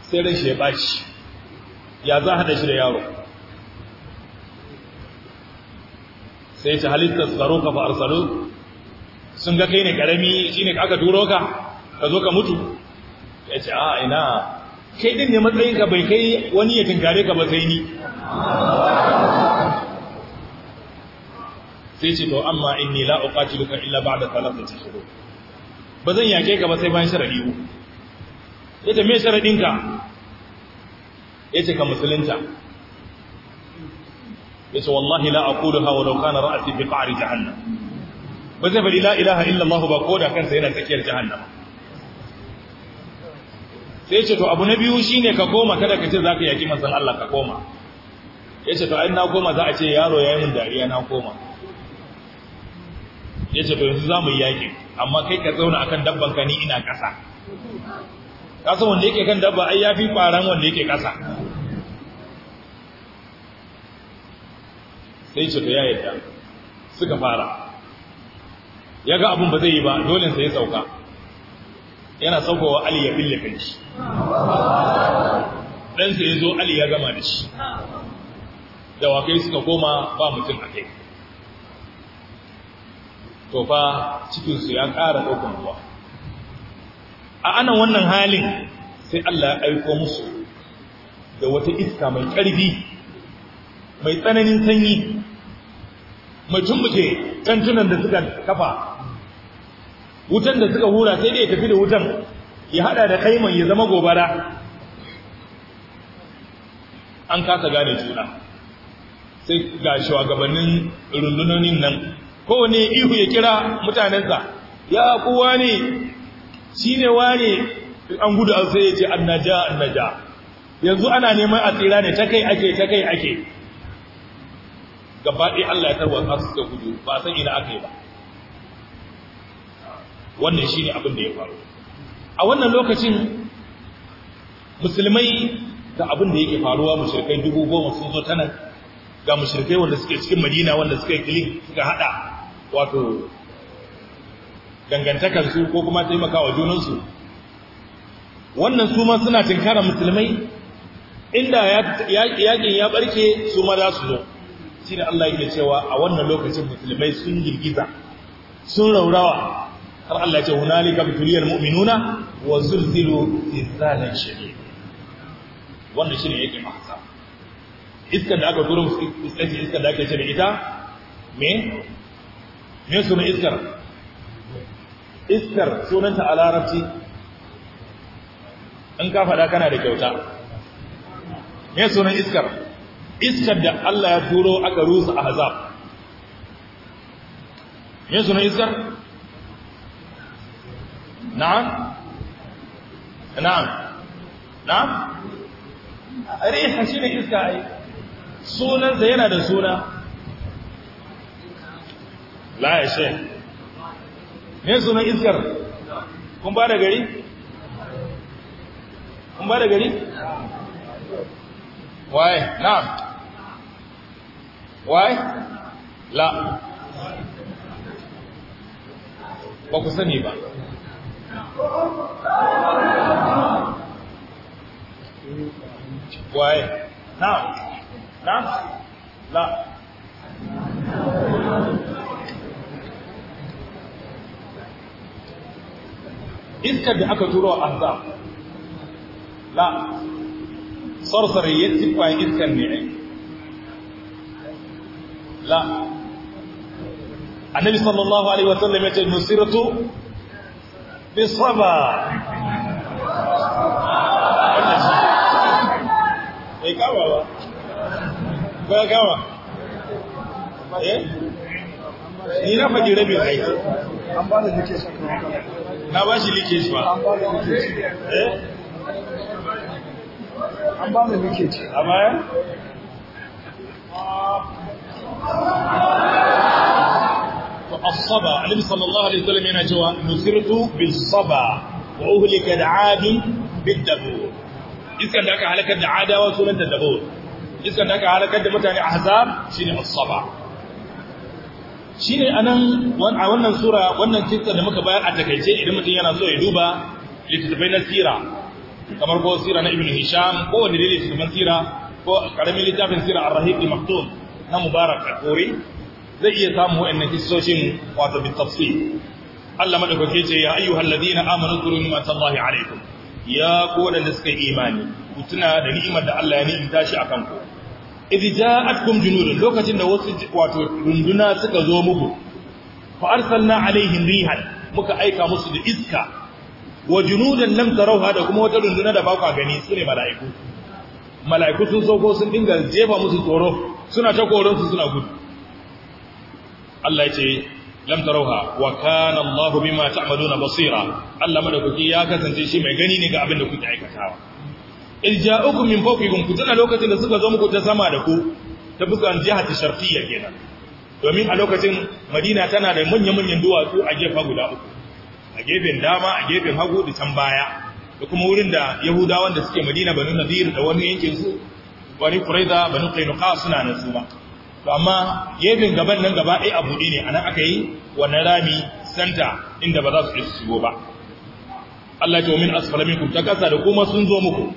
sai ran shi ya baci ya za hada shi da yaro sai ta halitta su tsaro ka fa’ar arsalu sun ga kai ne karami ne aka turo ka ka zo ka mutu ya ce a ina kai din ne matsayin ka bai kai wani ya tinkare ka ba sai ni sai ce to amma inni la uqatiluka illa ba'da thalathati ba zan yake ka ba sai bayan sharadi uku ya ce me sharaɗinka ya ce ka musulunta ya ce wallahi la kudu ha walau kana ra'afi fi qa'ri hannu. ba zai faɗi la ilaha illa allah ba ko da kansa yana tsakiyar jahannam sai ya ce to abu na biyu shine ka koma kada ka ce za ka yaki masu Allah ka koma ya ce to ai na koma za a ce yaro ya yi mun dariya na koma ya ce to yanzu za mu yi yaƙi amma kai ka zauna akan dabban ka ni ina ƙasa kasa wanda yake kan dabba ai yafi faran wanda yake kasa sai ce to ya yadda suka fara ya ga abin ba zai yi ba dole sai ya sauka yana saukowa ali ya bille kan shi sai ya zo ali ya gama da shi Da dawakai suka koma ba mutum a kai to fa cikinsu ya ƙara ɗaukan ruwa a ana wannan halin sai Allah ya aiko musu da wata iska mai ƙarfi mai tsananin sanyi mai tumbuke kantunan da suka kafa wutan da suka hura sai dai ya tafi da wutan ya hada da kaiman ya zama gobara an kasa gane juna sai ga shugabannin rundunonin nan kowane ihu ya kira mutanensa ya kuwa ne Shi ne ware an gudu an sai yace annaja annaja yanzu ana neman a tsira ne ta kai ake ta kai ake gabaɗe ɗaya Allah ya tarwatsa su da gudu ba san ina aka yi ba wannan shi ne abin da ya faru a wannan lokacin musulmai da abin da yake faruwa mushrikai dubu goma sun zo ta nan ga mushrikai wanda suke cikin madina wanda suka yi kilin suka hada wato su ko kuma taimakawa junansu wannan su ma suna tinkara musulmai inda yakin ya barke su ma za su zo shi da Allah yake cewa a wannan lokacin musulmai sun girgiza sun raurawa har Allah ya ce hunalika bituliyal mu'minuna wa zulzilu zilzalan shadid wannan shine yake mahsa iskar da aka turo musu iskar da ake ce da ita me me ne iskar iskar sunanta a larabci in ka faɗa kana da kyauta me sunan iskar iskar da Allah ya turo aka rusa a hazab me sunan iskar na'am na'am na'am riha ne iska ai sunansa yana da suna la me sunan iskar kun ba da gari kun ba da gari waye Na. waye la ba ku sani ba waye Na. Na? la iskar da aka turo azab la sarsare ya tifa iskar ne la annabi sallallahu alaihi wasallam ya ce nusiratu bi saba eh kawa ba ba kawa eh ni na faɗi rabin aiki an ba da na ba shi leakage ba an ba eh? mu leakage a baya الصبا النبي صلى الله عليه وسلم yana cewa nusirtu bil saba wa uhlika da adi bid dabur iskan da aka halakar da adawa sunan da dabur mutane ahzab shine saba Shi anan a wannan sura wannan cikin da muka bayar a takaice idan mutum yana so ya duba littattafai na sira kamar ko sira na ibn hisham ko wani dai littattafan sira ko karamin littafin sira ar-rahiq maktum na mubarak a quri zai iya samu wa'annan hissoshin wato bi tafsir Allah madaukake ce ya ayyuhal ladina amanu kuru ni'matallahi alaikum ya ku wadanda suka imani ku tuna da ni'imar da Allah ya ni'imta shi akan ku idja'atkum junudun lokacin da wasu wato runduna suka zo muku fa arsalna alaihim rihan muka aika musu da iska wa junudan lam tarawha da kuma wata runduna da ba ku gani sune mala'iku mala'iku sun sauko sun dinga jefa musu tsoro suna ta koron su suna gudu Allah ya ce lam tarawha wa kana Allah bima ta'maluna basira Allah madaukaki ya kasance shi mai gani ne ga abin da kuke aikatawa irja'ukum min fawqikum ku lokacin da suka zo muku ta sama da ku ta fuskan jihar sharqiyya kenan domin a lokacin Madina tana da manya-manyan duwatsu a gefa guda uku a gefen dama a gefen hagu da can baya da kuma wurin da Yahudawa da suke Madina banu Nadir da wani yankin su wani Quraiza banu Qainuqa suna nan su ba to amma gefen gaban nan gaba ɗaya a buɗe ne anan aka yi wannan rami santa inda ba za su shigo ba Allah ya ce min asfala minkum ta kasa da kuma sun zo muku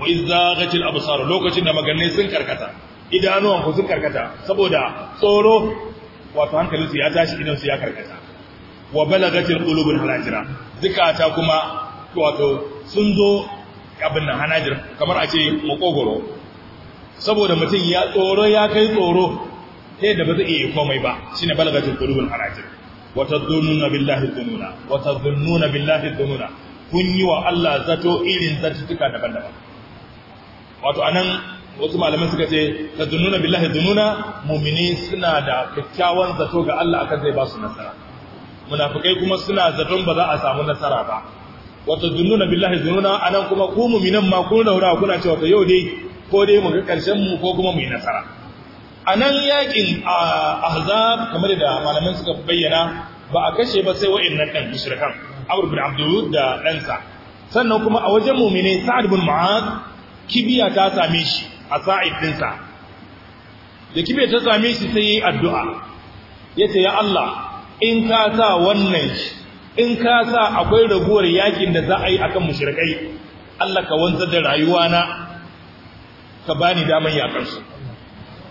wa izaghatil absar lokacin da maganne sun karkata idanuwan ku sun karkata saboda tsoro wato hankalinsu ya tashi idan su ya karkata wa balagatil qulubul hanajira zikata kuma wato sun zo abin nan hanajir kamar a ce makogoro saboda mutum ya tsoro ya kai tsoro sai da ba zai iya komai ba shine balagatil qulubul hanajir wa tadhunnuna billahi dhununa wa tadhunnuna billahi dhununa kun yi wa Allah zato irin zartuka daban-daban wato anan wasu malaman suka ce ta dununa billahi dununa mumini suna da kyakkyawan zato ga Allah akan zai ba su nasara munafikai kuma suna zaton ba za a samu nasara ba wato dununa billahi dununa anan kuma ku muminan ma kun hura kuna cewa yau dai ko dai mu ga karshen mu ko kuma mu yi nasara anan yakin ahzab kamar da malaman suka bayyana ba a kashe ba sai wa'annan dan mushrikan Abu bin abdul da ɗansa sannan kuma a wajen mu'mini sa'ad bin Mu'adh kibiya ta same shi a sa'id dinsa da kibiya ta same shi sai yayi addu'a yace ya Allah in ka sa wannan in ka sa akwai raguwar yakin da za a yi akan mushrikai Allah ka wanzar da rayuwana ka bani daman yakar su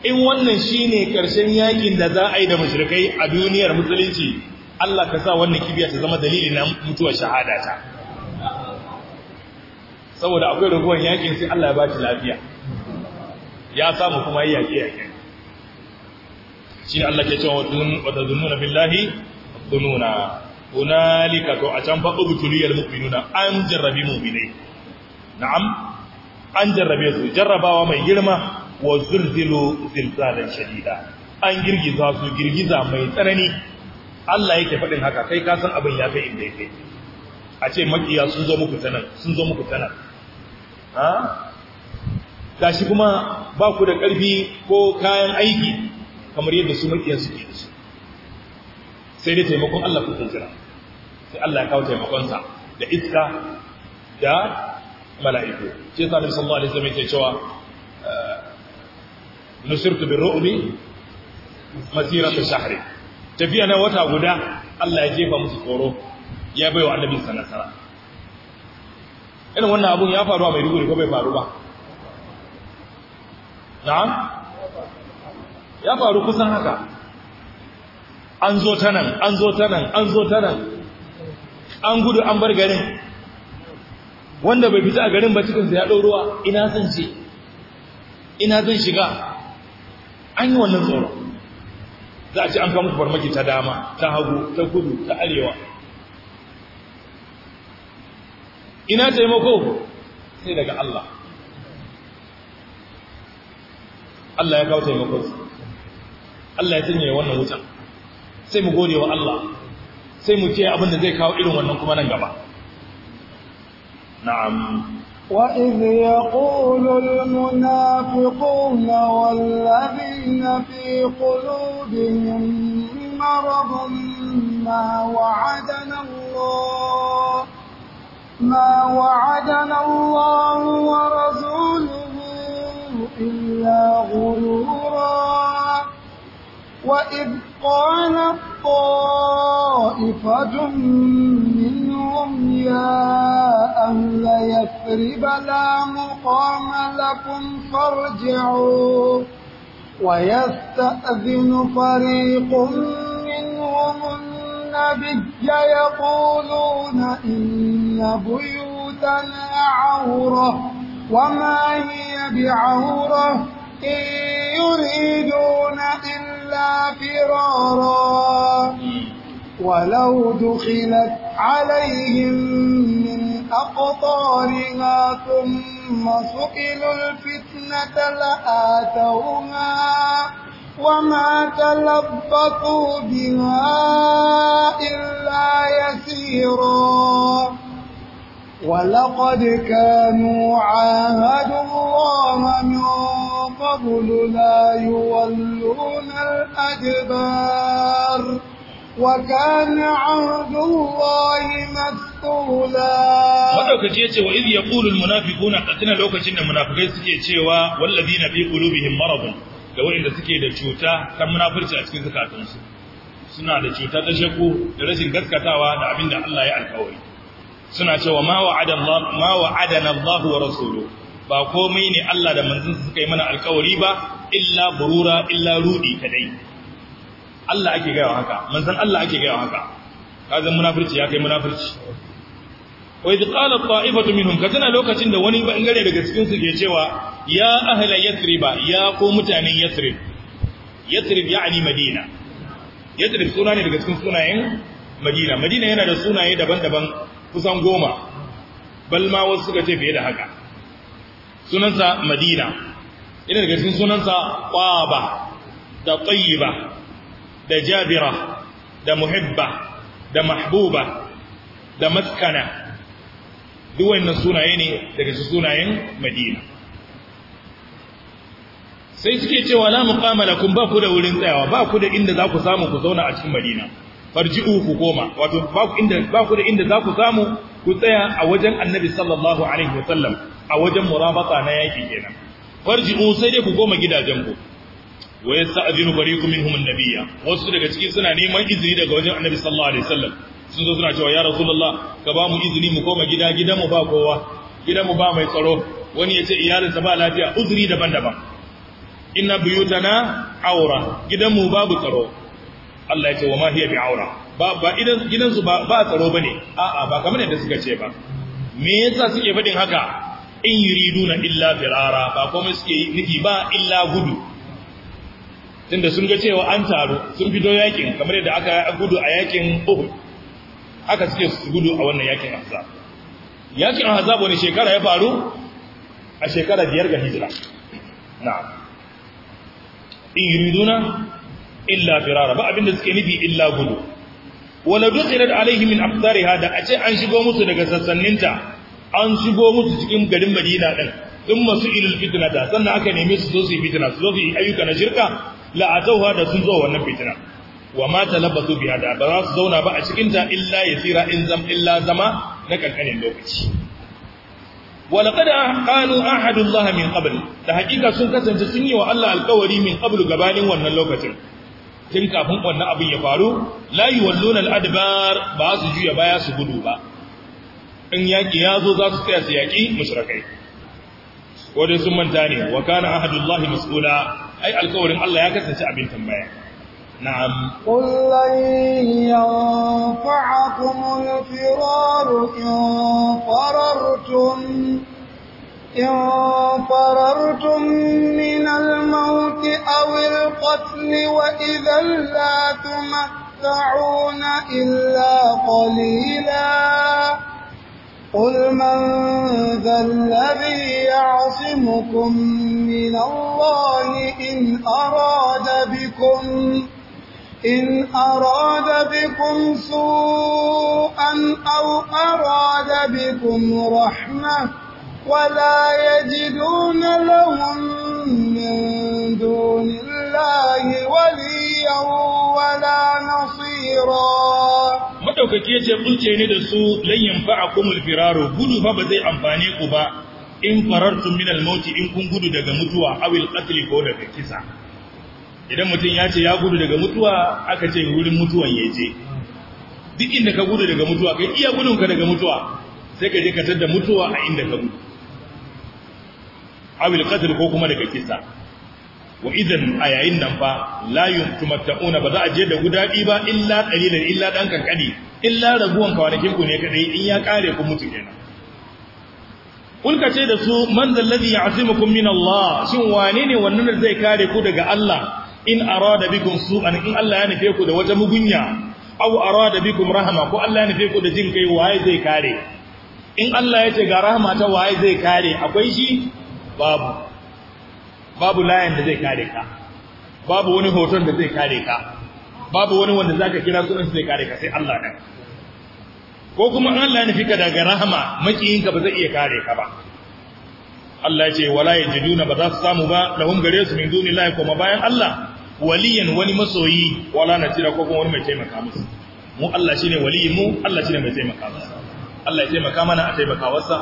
in wannan shine karshen yakin da za a yi da mushrikai a duniyar musulunci Allah ka sa wannan kibiya ta zama dalilin na mutuwar ta. saboda akwai ragowar yakin sai Allah ya ba shi lafiya ya samu kuma yi yaƙe yaƙe shi Allah ke cewa wata zununa billahi zununa hunalika to a can faɗo butuliyar mu'minuna an jarrabi mu'minai na'am an jarrabe su jarrabawa mai girma wa zulzilu zilzalan shadida an girgiza su girgiza mai tsanani Allah yake faɗin haka kai ka san abin ya kai inda yake a ce makiya sun zo muku tanan sun zo muku tanan shi kuma ba ku da ƙarfi ko kayan aiki kamar yadda su makiyan ke su sai dai taimakon Allah ku jira sai Allah ya kawo taimakonsa da iska da mala'iku ce ta nabi sallallahu alaihi wasallam yake cewa nusirtu masira ta shahri tafiya na wata guda Allah ya jefa musu tsoro ya baiwa annabi sallallahu alaihi irin wannan abun ya faru a maiduguri ko bai faru ba na ya faru kusan haka an zo ta nan an zo ta nan an zo ta nan an gudu an bar garin wanda bai fita a garin ba cikinsa ya ɗau ruwa ina zan ce ina zan shiga an yi wannan tsoro. za a ce an kama farmaki ta dama ta hagu ta gudu, ta arewa ina taimako sai daga Allah Allah ya kawo taimako Allah ya tunye wannan wutan sai mu gode wa Allah sai mu kiyaye abin da zai kawo irin wannan kuma nan gaba na'am وإذ يقول المنافقون والذين في قلوبهم مرض ما وعدنا الله ما وعدنا الله ورسوله إلا غرورا وإذ قالت طائفة منهم يا أهل يثرب لا مقام لكم فارجعوا ويستأذن فريق النبي يقولون إن بيوتنا عورة وما هي بعورة إن يريدون إلا فرارا ولو دخلت عليهم من أقطارها ثم سئلوا الفتنة لآتوها وما تلبطوا بها إلا يسيرا ولقد كانوا عاهدوا الله من قبل لا يولون الأدبار وكان عهد الله مسؤولا madaukaki yace wa idh yaqulu almunafiquna katina lokacin da munafikai suke cewa wallazina fi qulubihim maradun da waɗanda suke da cuta ta munafurci a cikin zakatunsu suna da cuta ta shakku da rashin gaskatawa da abin da Allah ya alkawari suna cewa ma wa'adana Allah wa rasulu ba komai ne Allah da manzon suka yi mana alkawari ba illa burura illa rudi kadai Allah ake gaya haka manzon Allah ake gaya haka kazan munafurci ya kai munafurci wa idh qala ta'ifatu minhum katana lokacin da wani bangare daga cikin su ke cewa ya ahla yathriba ya ko mutanen yathrib yathrib yani madina yathrib suna ne daga cikin sunayen madina madina yana da sunaye daban-daban kusan goma balma wasu suka ce fiye da haka sunansa madina yana daga cikin sunansa qaba da tayyiba da jabira da muhibba da mahbuba da maskana duk wannan sunaye ne daga cikin sunayen madina sai suke cewa la muqama lakum ba ku da wurin tsayawa ba ku da inda za ku samu ku zauna a cikin Madina farji'u ku goma wato ba ku inda ba ku da inda za ku samu ku tsaya a wajen Annabi sallallahu alaihi wasallam a wajen murabata na yaki kenan farji'u sai dai ku goma gidajen ku wa yasta'dhinu fariqun minhum an-nabiyya wasu daga cikin suna neman izini daga wajen Annabi sallallahu alaihi wasallam sun zo suna cewa ya rasulullah ka ba mu izini mu koma gida gidanmu ba kowa gidanmu ba mai tsaro wani ya ce iyalinsa ba lafiya uzuri daban-daban inna buyutana aura gidanmu babu tsaro Allah ya ce wa ma hiya bi aura ba ba idan gidansu ba ba tsaro bane a'a ba kamar yadda suka ce ba me yasa suke fadin haka in yuriduna illa firara ba komai suke nufi ba illa gudu tunda sun ga cewa an taru sun fito yakin kamar yadda aka gudu a yakin Uhud haka suke su gudu a wannan yakin Ahzab yakin Ahzab wani shekara ya faru a shekara biyar ga hijira na'am in yuriduna illa firara ba abinda suke nufi illa gudu wala dukhilat alaihi min aqtariha da ace an shigo musu daga sassaninta an shigo musu cikin garin Madina din din masu ilil fitna da sannan aka neme su zo su yi fitna su zo su yi ayyuka na shirka la atawha da sun zo wannan fitna wa ma talabatu biha da ba za su zauna ba a cikin ta illa yasira in zam illa zama na kankanin lokaci ولقد قالوا احد الله min قبل da haƙiƙa sun kasance sun yi wa Allah alkawari min qablu gabanin wannan lokacin tun kafin wannan abin ya faru layi yuwalluna al ba su juya baya su gudu ba in ya zo za su tsaya su yaƙi mushrikai wanda sun manta ne wa kana ahadullah mas'ula ai alkawarin Allah ya kasance abin tambaya نعم قل لن ينفعكم الفرار إن فررتم إن فررتم من الموت أو القتل وإذا لا تمتعون إلا قليلا قل من ذا الذي يعصمكم من الله إن أراد بكم إن أراد بكم سوءا أو أراد بكم رحمة ولا يجدون لهم من دون الله وليا ولا نصيرا madaukaki ya ce bulce ne da su lanyin ba a kumul firaro gudu fa ba zai amfani ku ba in farartum min al in kun gudu daga mutuwa awil qatl ko daga kisa idan mutum ya ce ya gudu daga mutuwa aka ce wurin mutuwan ya je duk inda ka gudu daga mutuwa kai iya gudunka daga mutuwa sai ka je ka tada mutuwa a inda ka gudu awil qatl ko kuma daga kisa wa idan a yayin nan fa la yumtumatta'una ba za a je da guda ɗi ba illa qalilan illa dan kankani illa rabuwan wani ku ne kadai in ya kare ku mutu kenan kulka ce da su man ya ya'simukum min Allah shin wane ne wannan zai kare ku daga Allah in arada bikum an in Allah ya nufe ku da wata mugunya aw arada bikum rahama ko Allah ya nufe ku da jin kai waye zai kare in Allah ya ce ga rahama ta waye zai kare akwai shi babu babu layin da zai kare ka babu wani hoton da zai kare ka babu wani wanda zaka kira sunan zai kare ka sai Allah ne ko kuma in Allah ya nufe ka daga rahama makiyinka ba zai iya kare ka ba Allah ya ce wala yajiduna ba za su samu ba lahum gare su min dunillahi kuma bayan Allah waliyan wani masoyi wala na nasira ko kuma wani mai taimaka musu mu Allah shine waliyin mu Allah shine mai taimaka musu Allah ya taimaka mana a taimaka wasa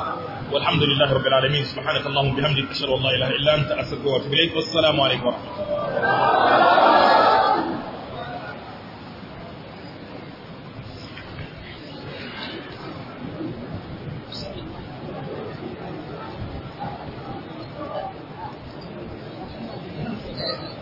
walhamdulillahi rabbil alamin subhanakallahumma bihamdika ashhadu an la ilaha illa anta astaghfiruka wa atubu ilaik wassalamu alaikum wa rahmatullahi